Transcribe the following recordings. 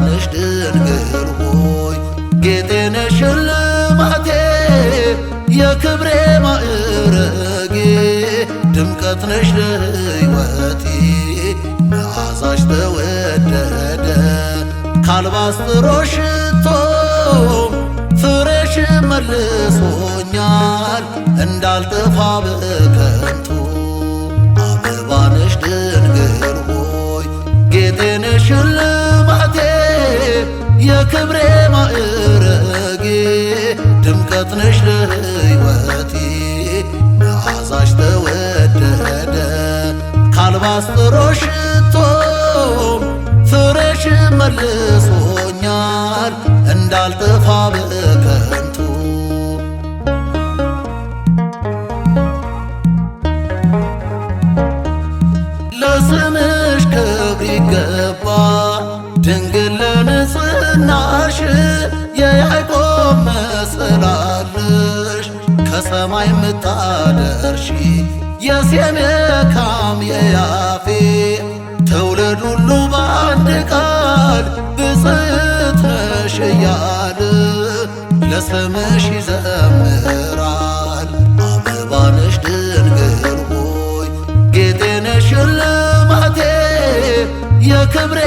ዙፋንሽ ድንግል ሆይ ጌጤ ነሽ ሽልማቴ የክብሬ ማዕረጌ ድምቀት ነሽ ለሕይወቴ መዓዛሽ ተወደደ ካልባስጥሮሽ ሽቶ ፍሬሽ መልሶኛል እንዳልጠፋ በከ ድምቀት ነሽ ለሕይወቴ መዓዛሽ ተወደደ ካልባስጥሮሽ ሽቶ ፍሬሽ መልሶኛል እንዳልጠፋ በከንቱ ለስምሽ ክብር ይገባል ድንግል ለንጽህናሽ የያዕቆብ ሰማይ ምታደርሺ የሴኔካም የያፌ ትውልድ ሁሉ በአንድ ቃል ብጽዕት ነሽ ለስምሽ ይዘምራል። አበባ ነሽ ድንግል ሆይ ጌጤ ሽልማቴ የክብሬ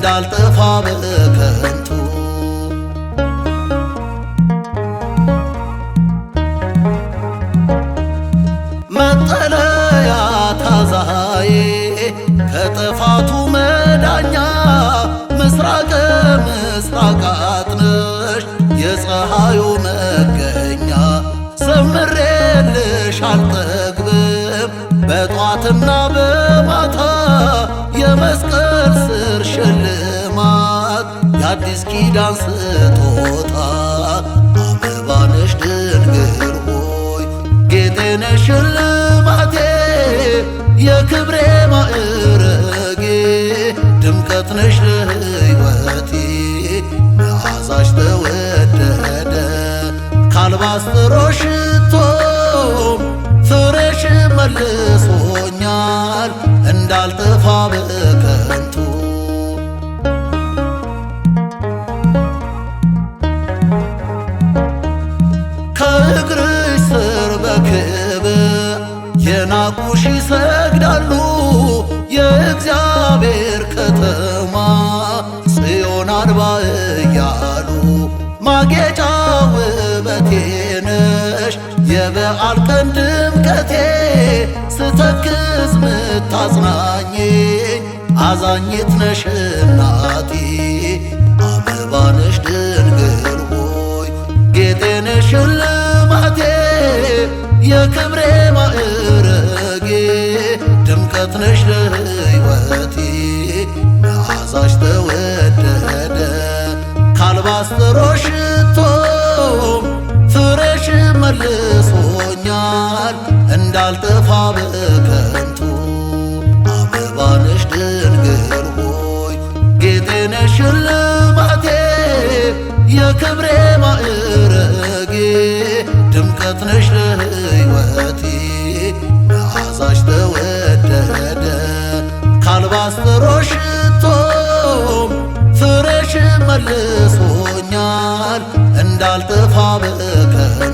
እንዳልጠፋ በከንቱ መጠለያ ታዛዬ ከጥፋቱ መዳኛ ምስራቅ ምስራቅ አጥነሽ የፀሐዩ መገኛ ዘምሬልሽ አልጠግብም በጧትና በማታ የመስቀ የአዲስ ኪዳን ስጦታ አበባ ነሽ ድንግል ሆይ ጌጤ ነሽ ሽልማቴ የክብሬ ማዕረጌ ድምቀት ነሽ ለሕይወቴ መዓዛሽ ተወደደ ካልባስጥሮ ሽቶ ፍሬሽ መልሶኛል እንዳልጠፋ በበዓል ቀን ድምቀቴ ስተክዝ ምታጽናኝ አዛኝት ነሽ እናቴ አበባ ነሽ ድንግል ሆይ ጌጤ ነሽ ሽልማቴ የክብሬ ማዕረጌ ድምቀት ነሽ ሽልማቴ የክብሬ ማዕረጌ ድምቀት ነሽ ለሕይወቴ መዓዛሽ ተወደደ ካልባስተሮ ሽቶ ፍሬሽ መልሶኛል እንዳልጠፋ በከ